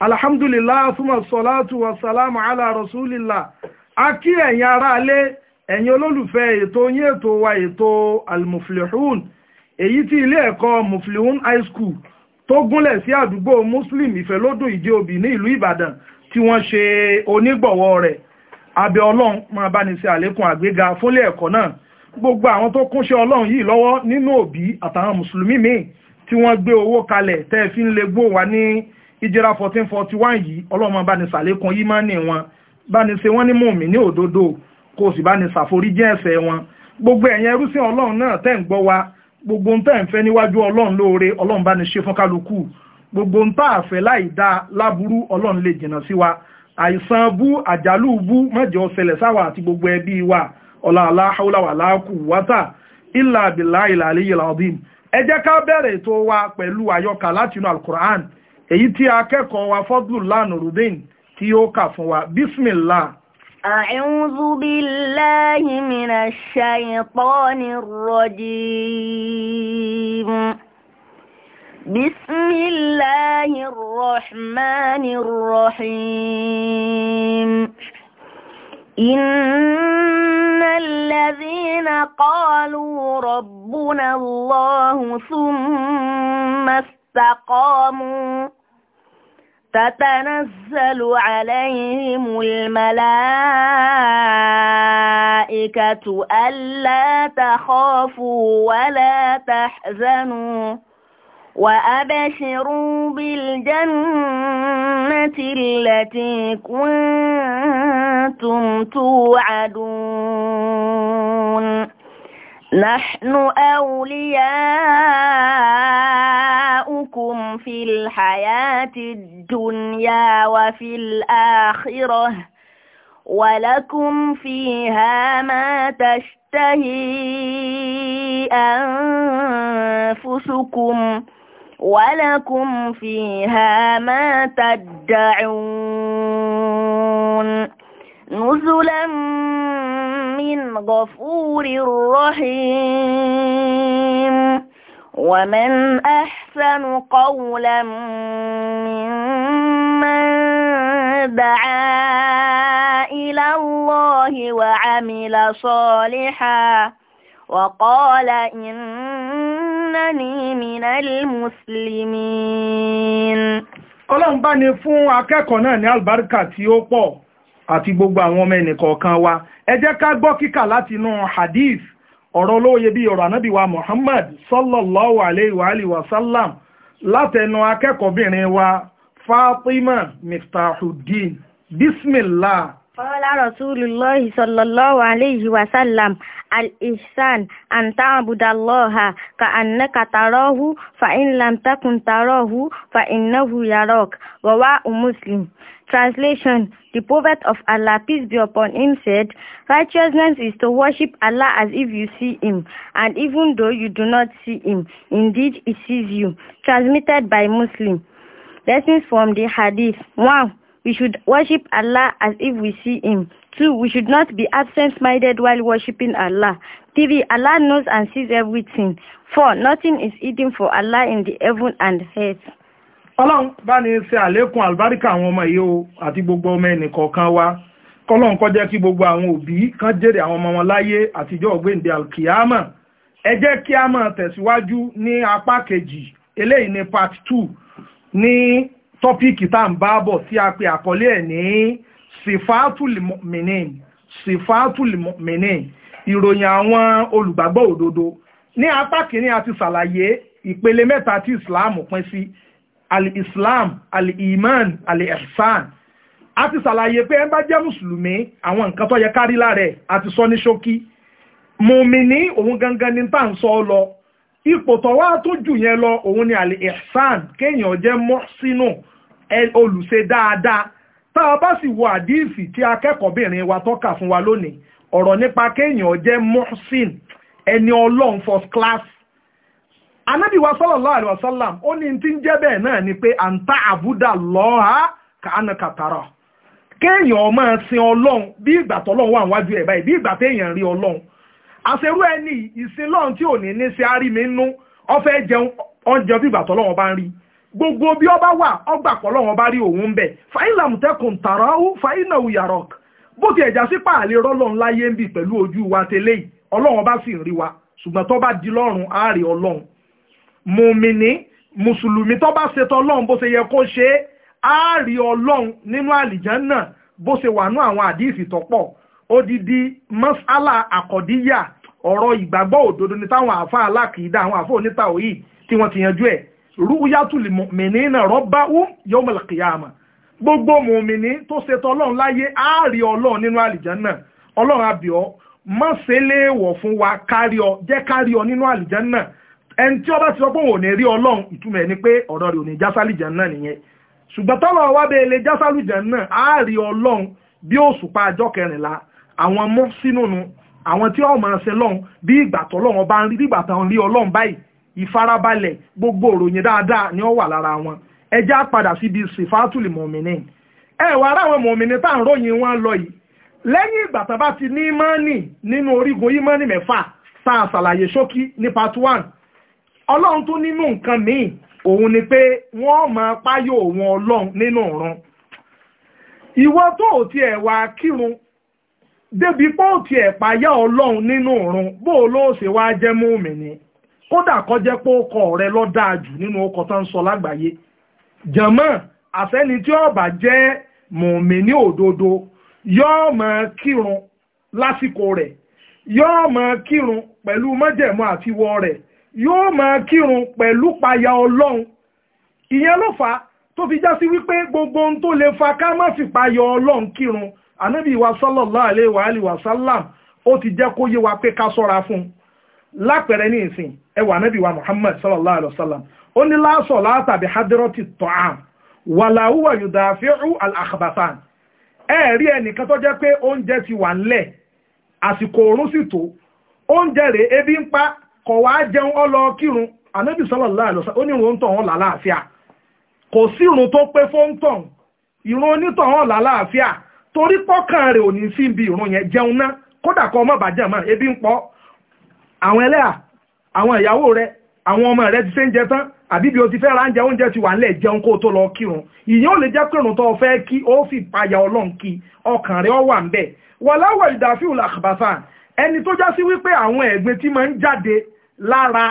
alhamdulillah suma salatu wa salamu ala rasulillah a kí ẹ̀yin ará alẹ́ ẹ̀yin olólùfẹ́ ètò yín ètò wa ètò almuflihun èyí tí ilé ẹ̀kọ́ muflihun high school tó gúnlẹ̀ sí àdúgbò muslim ìfẹ́lódùn ìdí òbí ní ìlú ìbàdàn tí wọ́n ṣe onígbọ̀wọ́ rẹ̀ abẹ́ ọlọ́run máa bá ní ṣe àlékún àgbéga fúnlé ẹ̀kọ́ náà gbogbo àwọn tó kúnṣẹ́ ọlọ́run yìí lọ́wọ́ nínú òbí àtàwọn mùsùlùmí míì tí wọ́n gbé owó kalẹ̀ tẹ́ fi ń le wa ní ìjìra 1441 yìí ọlọ́mọ bá ní sàlékún yìí máa ní wọn bá ní ṣe wọ́n ní mùmí ní òdodo kó o sì bá ní ṣàforíjìn ẹ̀ṣẹ̀ wọn gbogbo ẹ̀yin ẹrúsìn ọlọ́run náà tẹ́ ń gbọ́ wa gbogbo ń tẹ́ ń fẹ́ níwájú ọlọ́run lóore ọlọ́run bá ní ṣe fún kálukú gbogbo ń tà àfẹ́ láì dáa láburú ọlọ́run lè jìnnà sí wa àìsàn bú àjálù bú mọ́jọ ṣẹlẹ̀ sáwà àti gbogbo ẹbí wa ọ̀làlá haúláwàlá kù wátà ìlà àbìlà ìlà ká bẹ̀rẹ̀ ètò wa pẹ̀lú àyọkà látinú alukur'an èyí tí akẹ́kọ̀ọ́ wa fọ́dùlù lánàá rubin tí ó kà fún wa bísmìlá. أعوذ بالله من الشيطان الرجيم بسم الله الرحمن الرحيم إن الذين قالوا ربنا الله ثم استقاموا تتنزل عليهم الملائكة ألا تخافوا ولا تحزنوا وأبشروا بالجنة التي كنتم توعدون نحن أولياء في الحياة الدنيا وفي الآخرة ولكم فيها ما تشتهي أنفسكم ولكم فيها ما تدعون نزلا من غفور رحيم ومن أح أحسن قولا ممن دعا إلى الله وعمل صالحا وقال إنني من المسلمين ọlọ́run bá ní fún akẹ́kọ̀ọ́ náà ní àlùbáríkà tí ó pọ̀ àti gbogbo àwọn ọmọ ẹnìkọ̀ọ̀kan wa ẹ ká gbọ́ kíkà látinú hadith ọ̀rọ̀ olóye bíi ọ̀rọ̀ ànábìwá Muhammad sallallahu alayhi wa alihi wa sallam látẹnu akẹ́kọ̀ọ́bìnrin wa Fatima Miftahuddin bismillah Qala Rasulullahi sallallahu alayhi wa sallam al-ihsan an ta'budallaha ka'annaka tarahu fa in lam takun tarahu fa innahu yarak rawahu Muslim Translation The Prophet of Allah peace be upon him said righteousness is to worship Allah as if you see him and even though you do not see him indeed he sees you transmitted by Muslim Lessons from the Hadith 1 We should worship Allah as if we see Him. Two, we should not be absent-minded while worshiping Allah. Three, Allah knows and sees everything. Four, nothing is hidden for Allah in the heaven and earth. Ọlọ́run bá ní ṣe àlékún àlùbáríkà àwọn ọmọ yìí àti gbogbo ọmọ ẹnì kọ̀ọ̀kan wa. Kọ́lọ́n kó jẹ́ kí gbogbo àwọn òbí kan jèrè àwọn ọmọ wọn láyé àtijọ́ ọ̀gbẹ́ǹde Alkiyama. Ẹ jẹ́ kí a máa tẹ̀síwájú ní apá kejì eléyìí ní part two ní tọ́píìkì tá à ń bá bọ̀ tí a pè àkọlé ẹ̀ ní sifatulmọ̀mìnì sifatulmọ̀mìnì ìròyìn àwọn olùgbàgbọ́ òdodo ní apá kìíní a ti ṣàlàyé ìpele mẹ́ta tí islam pín sí al-islam al-iman al-ihsan a ti ṣàlàyé pé ẹ bá jẹ́ mùsùlùmí àwọn nǹkan tó yẹ kárí lára ẹ̀ a ti sọ ní ṣókí mùmìnì òun gangan ní tá lọ ipò tọ́wá tó jù yẹn lọ òun ni àlè ihsan kéèyàn jẹ́ mọ́sínú olùṣe dáadáa tá a bá sì wo àdíìsì tí akẹ́kọ̀ọ́bìnrin wa tọ́ka fún wa lónìí ọ̀rọ̀ nípa kéèyàn jẹ́ mọ́sìn ẹni ọlọ́run first class anábì wa sallallahu alaihi wasallam ó ní tí ń jẹ́ bẹ́ẹ̀ náà ni pé àǹtá àbúdà lọ́ha kàánà kàtàrà kéèyàn máa sin ọlọ́run bí ìgbà tọ́lọ́run wà níwájú ẹ̀ báyìí bí ìgbà téèyàn rí ọlọ́run àṣerú ẹni ìsìn lọ́run tí ò ní ní sí arími nú ọfẹ́ jẹun oúnjẹ bí ìgbà tọ́lọ́wọ́n bá ń rí gbogbo bí ọba wà ọgbà pọ̀lọ́wọ́n bá rí òun bẹ̀ fàílàm tẹkùn tààrà ó fàínà òyàrọ̀k bó ti ẹ̀já sí pààlè rọ́lọ́run láyé ń bì pẹ̀lú ojú wa tẹ́lẹ̀ yìí ọlọ́run bá sì ń rí wa ṣùgbọ́n tó bá di lọ́run àárẹ̀ ọlọ́run mùmìnì mùsùlùmí tó bá ṣe tọ́lọ́run bó ṣe yẹ kó ṣe é àárẹ̀ ọlọ́run nínú àlìjánà bó ṣe wà nú àwọn àdìsí tọ́pọ̀ odidi masala àkọ́díyà ọ̀rọ̀ ìgbàgbọ́ òdodo ni táwọn àáfà alákìídá àwọn àáfà onítàwọ̀ yìí tí wọ́n ti yanjú ẹ̀ rúyàtúlì mùmìnínà rọ́bà ó yọmọlẹ̀ kìyàmà gbogbo mùmìnín tó ṣetọ́ ọlọ́run láyé àárí ọlọ́run nínú alijan ọlọ́run àbíọ́ má ṣe léèwọ̀ fún wa kárí ọ jẹ́ kárí ọ nínú alijan ẹni tí ọba ti sọ pé òun ò ní rí ọlọ́run ìtumọ̀ ni pé ọ̀rọ̀ ò ní nìyẹn ṣùgbọ́n tọ́lọ̀ wá bẹ́ẹ̀ lè ọlọ́run bí òṣùpá àjọ àwọn mọ́ sínú nu àwọn tí wọ́n máa ṣe lọ́hùn bí ìgbà tó lọ́wọ́ bá ń rí bí ìgbà tó ń rí ọlọ́run báyìí ìfarabalẹ̀ gbogbo òròyìn dáadáa ni ó wà lára wọn ẹ já padà síbi sèfátùlì mọ̀mìnì ẹ wà ráwọn mọ̀mìnì tá à ń ròyìn wọn lọ yìí lẹ́yìn ìgbà tá bá ti ní ìmánì nínú orígun ìmánì mẹ́fà tá a ṣàlàyé ṣókí ní part one ọlọ́run tó nínú nǹkan míì òun ni pé wọ́n máa páyò wọn ọlọ́run nínú ọ̀run ìwọ tó ò tiẹ̀ wá kírun débi pọ́ọ̀tì ẹ̀páyà ọlọ́run nínú òrun bó o ló ṣe wá jẹ́ mùmínì kódà kọ́ jẹ́ pé ọkọ rẹ lọ́ dáa jù nínú ọkọ̀ tó ń sọ lágbàáyé jẹ̀mọ́ àfẹ́ni tí ó bá jẹ́ mùmínì òdodo yóò máa kírun lásìkò rẹ̀ yóò máa kírun pẹ̀lú májẹ̀mú àtiwọ́ rẹ̀ yóò máa kírun pẹ̀lú payà ọlọ́run ìyẹn ló fà á tó fi já sí wípé gbogbo ohun tó lè fa ká má fi payà ọlọ́run kírun ànábì wa sallallahu alaihi wa alihi wa sallam ó ti jẹ́ kó yé wa pé ká sọ́ra fún un lápẹ̀rẹ̀ ní ìsìn ẹwà ànábì wa muhammad sallallahu alaihi wa sallam ó ní láàsọ̀ látàbí hadiroti to'am wàláhùwà yudafi'u al-akhbathan ẹ rí ẹnìkan tó jẹ́ pé oúnjẹ ti wà ńlẹ̀ àsìkò oorun sì tó oúnjẹ rẹ̀ ebi ń pa kọ̀ wá jẹun ọlọ kírun ànábì sallallahu alaihi wa sallam ó ní ìrun tó hàn lálàáfíà kò sí ìrun tó pé fóńtàn ìrun onítọ̀ hàn lálàáfíà torí pọ́kàn rẹ̀ ò ní sí ibi ìrún yẹn jẹun ná kódà kọ́ ọmọ bàjẹ́ mọ́ ebi ń pọ́ àwọn ẹlẹ́à àwọn ìyàwó rẹ̀ àwọn ọmọ rẹ̀ ti ṣe ń jẹ tán àbí bí o ti fẹ́ ra oúnjẹ oúnjẹ ti wà nílẹ̀ jẹun kó o tó lọ kírun ìyẹn ò lè jẹ́ pé ìrùn tó o fẹ́ kí o fi payà ọlọ́run kí ọkàn rẹ̀ ọ wà ń bẹ̀ wàláwọ̀ ìdàfíù làkàbàfà ẹni tó já sí wípé àwọn ẹ̀gbin tí máa ń jáde lára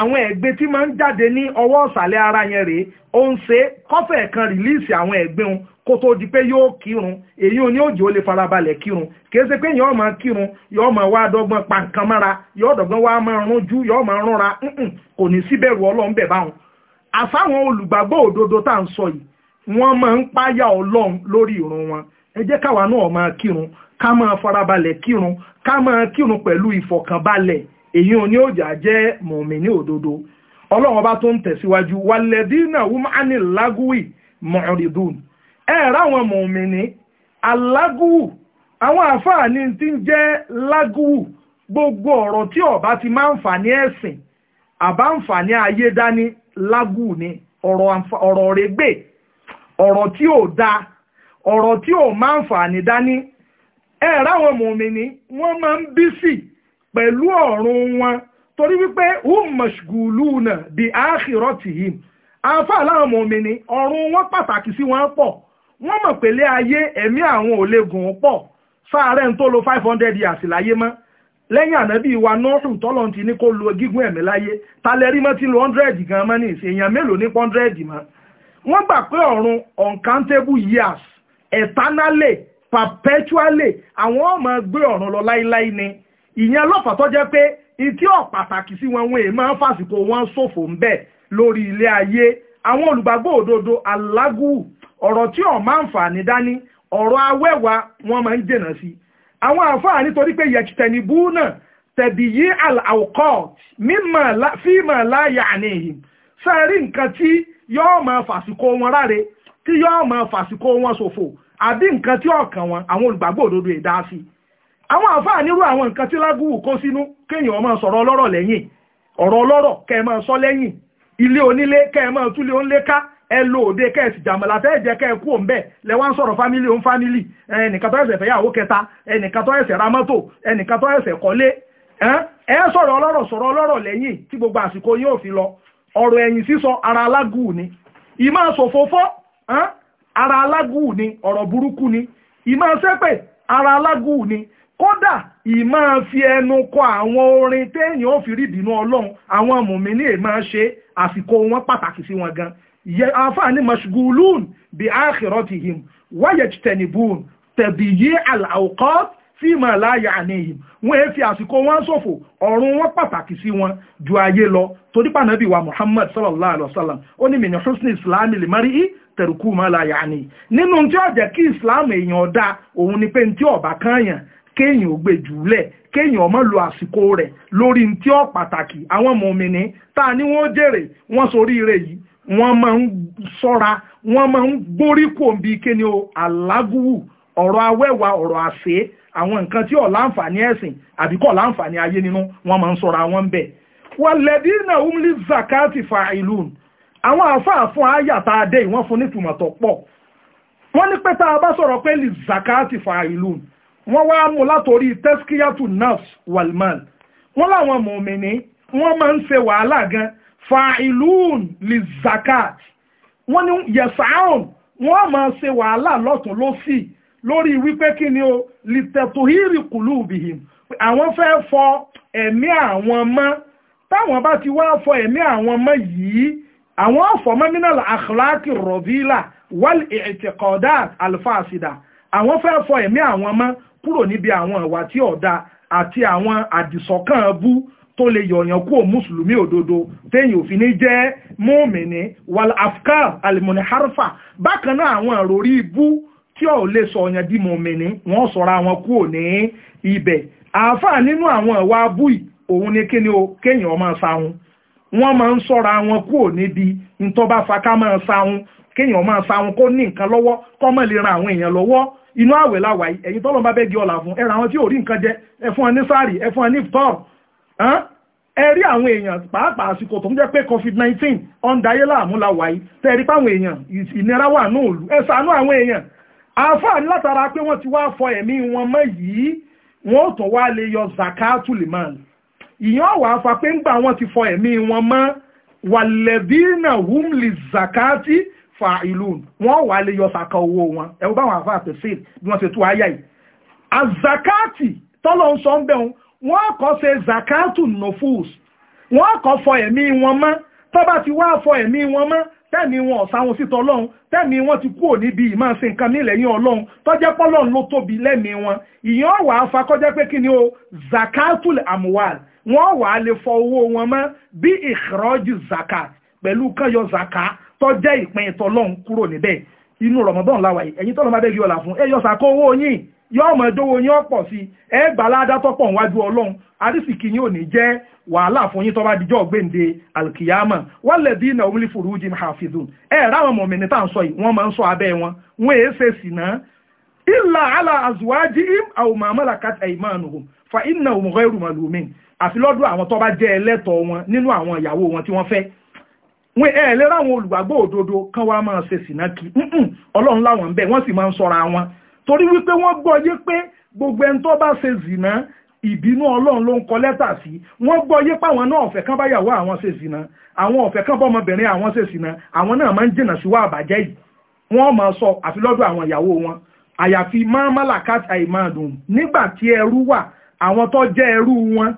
àwọn ẹ̀gbin tí máa ń jáde ní ọwọ́ ọ̀sàlẹ̀ ara yẹn rèé ó ń ṣe kọ́fẹ̀ẹ́ kan rìlíìsì àwọn ẹ̀gbin kó tó di pé yóò kírun èyí ò ní òjì ó lè farabalẹ̀ kírun kìí ṣe pé yọ́ọ̀ máa kírun yọ́ọ̀ máa wá dọ́gbọ́n pa nǹkan mára yọ́ọ̀ dọ́gbọ́n wá máa rúnjú yọ́ọ̀ máa rúnra kò ní síbẹ̀rù ọlọ́run bẹ̀ báwọn. àfáwọn olùgbàgbọ́ òdodo tá à ń sọ yìí wọ́n máa ń páyà ọlọ́run lórí ìrun wọn ẹ jẹ́ káwa náà máa kírun ká máa farabalẹ̀ kírun ká máa kírun pẹ̀lú ìfọ̀kànbalẹ̀ èyí ò ní òjà jẹ́ mọ̀mìnì òdodo ọlọ́run ọba tó ń tẹ̀síwájú wàlẹ́dínà wúmánì mọ̀rìndùn ẹ̀rọ àwọn mọ̀mìnì alágùwù àwọn àfààní ti ń jẹ́ gbogbo ọ̀rọ̀ tí ọba ti máa ń fà ní ẹ̀sìn àbá ń fà ní ayé dání lágùwù ni ọ̀rọ̀ rẹ̀gbẹ̀ ọ̀rọ̀ tí ò da ọ̀rọ̀ tí ò máa ń fà ní dání ẹ̀rọ àwọn mọ̀mìnì wọ́n máa ń pẹ̀lú ọ̀run wọn torí wípé ọ̀run wọn wọ́n mọ̀ pèlé ayé ẹ̀mí àwọn ò lè gùn pọ̀ sáàárẹ̀ ń tó lo five hundred years láyé mọ́ lẹ́yìn ànábì wa nọ́ọ̀sùn tọ́lọ̀ ti ní kó lo gígùn ẹ̀mí láyé talẹ́rí mọ́ ti lo hundred gan mọ́ ní ìsìn èèyàn mélòó ní hundred mọ́ wọ́n gbà pé ọ̀run uncountable years eternally perpetually àwọn ọmọ gbé ọ̀run lọ láíláí ni ìyẹn lọ́fà tó jẹ́ pé ìtí ọ̀ pàtàkì sí wọn wọn èèmọ́ fàsìkò wọn ṣòfò ń bẹ̀ lórí ilé ayé àwọn olùgbàgbọ́ òdodo alágùn ọ̀rọ̀ tí ọ̀ máa ń fà ní dání ọ̀rọ̀ awẹ́wà wọ́n máa ń dènà sí àwọn àfáà nítorí pé yẹtìtẹ̀ni bú náà tẹ̀bí yí àwòkọ́ fíìmọ̀ láàyè àníhìn sẹ́ẹ̀rí nǹkan tí yọ́ọ́ máa fàsìkò wọn ráre tí yọ́ọ́ máa fàsìkò wọn ṣòfò àbí nǹkan tí ọ̀kan wọn àwọn olùgbàgbọ́ òdodo ẹ̀dá sí àwọn àfáà nírú àwọn nǹkan tí lágùwù kó sínú kéèyàn máa sọ̀rọ̀ ọlọ́rọ̀ lẹ́yìn ọ̀rọ̀ ọlọ́rọ̀ kẹ́ máa sọ lẹ́yìn ilé onílé kẹ́ máa túlé onílé ká ẹ lo òde kẹ́ẹ̀sì jàmọ̀lá tẹ́ ẹ̀jẹ̀ kẹ́ẹ̀ kú òǹbẹ̀ lẹ́wọ́n sọ̀rọ̀ fámílì òun fámílì ẹnìkan tó ẹ̀sẹ̀ fẹ́yàwó kẹta ẹnìkan tó ẹ̀sẹ̀ ra mọ́tò ẹnìkan tó ẹ̀sẹ̀ kọ́lé ẹ sọ̀rọ̀ ọlọ́rọ̀ sọ̀rọ̀ ọlọ́rọ̀ lẹ́yìn tí gbogbo àsìkò yín ò fi lọ ọ̀rọ̀ ẹ̀yìn sísọ ara alágùn ni ìmọ̀ sòfófó ara alágùn ni ọ̀rọ̀ burúkú ni ìmọ̀ sẹ́pẹ̀ ara alágùn ni kódà ìmọ̀ fi ẹnu kọ àwọn orin téèyàn ò fi rí ìbínú ọlọ́run àwọn mùmí ní èèmọ̀ ṣe àsìkò wọn pàtàkì sí wọn gan-an àfáàní mashgulun bí akhiratihim wa yajtanibun tẹ̀bìyí al-awqat tí mà láàyè àníyìn wọ́n èé fi àsìkò wọn ṣòfò ọ̀run wọn pàtàkì sí wọn ju ayé lọ torí pànàbí wa muhammad sallallahu alayhi wa sallam ó ní mìíràn husni islam lè mari i tẹ̀rùkú mà láàyè àníyìn nínú tí ó jẹ́ kí islam èèyàn dá òun ò gbé jùlẹ̀ kéèyàn ọmọ lo àsìkò rẹ̀ lórí tí ó pàtàkì àwọn mọ̀mìnì tá a wọ́n jèrè wọ́n sorí ire yìí wọ́n máa ń sọ́ra wọ́n máa ń gbórí kò bí kíni o àlágùwù ọ̀rọ̀ awẹ́wà ọ̀rọ̀ àṣẹ àwọn nǹkan tí ó láǹfààní ẹ̀sìn àbí kò láǹfààní ayé nínú wọ́n máa ń sọ́ra wọn ń bẹ̀. wàlẹ́dí náà ń lé zakati fa ìlú àwọn àáfàá fún àyàtà adé ìwọ́n fún nítumọ̀ tó pọ̀ wọ́n ní pé tá a bá sọ̀rọ̀ pé lè zakati fa ìlú wọ́n wá mú látòrí tẹ́síkíyàtù nafs walmal wọ́n láwọn mọ̀mìnì wọ́n máa ń ṣe wàhálà gan-an fa'ilun li zakat wọ́n ní yẹ̀sáhùn wọ́n máa ṣe wàhálà lọ́tún lọ́sì lórí wípé kí ni o lìtẹ̀tòhírì kùlù bìhìm àwọn fẹ́ fọ ẹ̀mí àwọn mọ́ táwọn bá ti wá fọ ẹ̀mí àwọn mọ́ yìí àwọn ọ̀fọ̀ mọ́mínàlá àkàlákì rọ̀bílà wal ìtìkọ̀dá alfáàsìdà àwọn fẹ́ fọ ẹ̀mí àwọn mọ́ kúrò níbi àwọn ìwà tí ọ̀dà àti àwọn àdìsọ́kàn bú tó lè yọ̀yàn kúrò mùsùlùmí òdodo téèyàn òfin ní jẹ́ mọ́ọ̀mìnì wal afkar alimoni harfa bákan náà àwọn àròrí ibú tí ò lè sọ̀yàn di mọ̀ọ̀mìnì wọ́n sọ̀ra wọn ní ibẹ̀ nínú àwọn ni o kéèyàn ọmọ sáhun wọ́n máa wọn kúrò níbi ntọ́ba máa sáhun kéèyàn sáhun kó ní nǹkan lọ́wọ́ kọ́ lè ran àwọn èèyàn lọ́wọ́ inú àwẹ̀ láwàá ẹ̀yin bá gé fún àwọn tí ò rí nǹkan jẹ ẹ̀fún ní ẹ rí àwọn èèyàn pàápàá àsìkò tó ń jẹ́ pé covid-19 ọ̀ndayé láàmú la wáyé tẹ̀rí páwọn èèyàn ìnira wà ní òòlù ẹ ṣàánú àwọn èèyàn àǹfààní látara pé wọ́n ti wá fọ ẹ̀mí wọn mọ́ yìí wọ́n ò tún wá lè yọ zakatu liman ìyẹn ọ̀wà afa pé ńgbà wọ́n ti fọ ẹ̀mí wọn mọ́ wàlẹ́dínà wúmlì zakati fa ìlú wọn wà lè yọ sàkà owó wọn ẹ̀wọ́n báwọn àfa àtẹ̀sẹ̀ bí wọ́n ṣe tú ayá yìí àzakati tọ́lọ́ ń sọ ń bẹ̀rùn wọ́n kọ́ ṣe zakatu nofus wọ́n kọ́ fọ ẹ̀mí wọn mọ́ tó bá ti wá fọ ẹ̀mí wọn mọ́ tẹ́mi wọn ọ̀sáwọn síta ọlọ́run tẹ́mi wọn ti kúrò níbi ìmọ̀ ṣe nǹkan nílẹ̀ yín ọlọ́run tó jẹ́ pọ́lọ́run ló tóbi lẹ́mi wọn ìyẹn wà á fa kọjá pé kí ni o zakatul amwal wọ́n wà á lè fọ owó wọn mọ́ bí ìkìrọ́jù zakat pẹ̀lú kányọ zaka tó jẹ́ ìpín ìtọ́lọ́run kúrò níbẹ̀ inú rọ̀mọ́dọ́n láwàyè ẹ̀yin tọ́lọ́mọdé yóò mọ̀ ẹjọ́wọ́ yín ọ̀pọ̀ sí ẹ gbà ládàá tọ́pọ̀ níwájú ọlọ́run àrísìkì yín ò ní jẹ́ wàhálà fún yín tó bá dijọ́ gbèǹde alkiyama wọ́lẹ̀dí iná omílí furujim hafizun ẹ ráwọn mọ̀mìnì tá à ń sọ yìí wọ́n máa ń sọ abẹ́ wọn wọ́n èé ṣe sì náà ìlà àlà àzùwájì im àwòmọ̀ amálàkàtà ìmánuhum fa iná òmùgọ́ ẹrù màlúmin àfi lọ́dọ̀ àwọn tó bá jẹ́ ẹlẹ́tọ̀ọ́ wọn nínú àwọn ìyàwó wọn tí wọ́n fẹ́ wọn ẹ lẹ́rọ àwọn olùgbàgbọ́ òdodo kan wá máa ṣe sì náà kí ọlọ́run láwọn ń bẹ wọ́n sì máa ń sọra wọn torí wípé wọ́n gbọ́ yé pé gbogbo ẹni tó bá ṣe zìnà ìbínú ọlọ́run ló ń kọ lẹ́tà sí wọ́n gbọ́ yé pé àwọn náà ọ̀fẹ́ kan báyàwó àwọn ṣe zìnà àwọn ọ̀fẹ́ kan bọ́mọbìnrin àwọn ṣe zìnà àwọn náà máa ń jìnà síwá àbàjẹ́ yìí wọ́n máa sọ àfi lọ́dọ̀ àwọn ìyàwó wọn àyàfi mọ́mọ́là káàtì àìmáàdùn nígbà tí ẹrú wà àwọn tó jẹ́ ẹrú wọn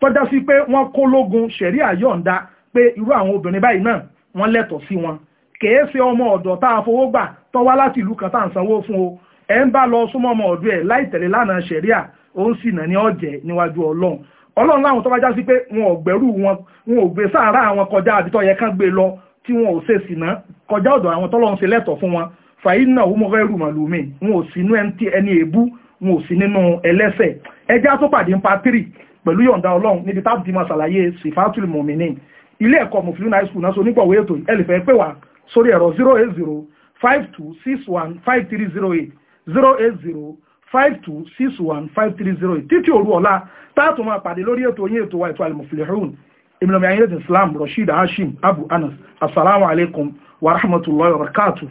tọ́já sí pé wọ́n kó lógun ṣẹ̀rí àyọ̀ǹda pé irú àwọn obìnrin báyìí náà wọ́n lẹ́tọ̀ọ́ sí wọn kèé ọmọ ọ̀dọ̀ tá a fowó gbà tó láti ìlú kan tá à ń sanwó fún o ẹ̀ ń bá lọ súnmọ́ ọmọ ọ̀dọ́ ẹ̀ láì tẹ̀lé lánàá ṣẹ̀ríà ó ń sìnà ní ọ̀jẹ̀ níwájú ọlọ́run ọlọ́run láwọn tó bá já sí pé wọn ò gbẹ́rù wọn wọn ò gbé sáàrà àwọn kọjá àbítọ́ yẹ kán gbé lọ tí wọn ò ṣe sìnà kọjá ọ̀dọ̀ àwọn tọ́lọ́run ṣe lẹ́tọ̀ fún wọn fàyín náà wọ́n mọ̀ fẹ́ màlúmi wọn ò sí inú ẹni èébú wọn ò sí nínú ẹlẹ́sẹ̀ ẹjá tó pàdé ń pa tírì pẹ̀lú yọ̀ǹda ọlọ́run níbi táàbù tí mo ṣàlàyé sifatul mọ̀mìnì ilé ẹ̀kọ́ mùsùlùmí high school náà so zero eight zero five two six one five three zero eight zero eight zero five two six one five three zero eight títí òru ọ̀la táàtù máa pàdé lórí ètò yín ètò wa ètò al-muflihun ìmìlọ̀mì ayélujára islam rasheed hashim abu anas asalaamu alaykum wa rahmatulahi wa barakatuh.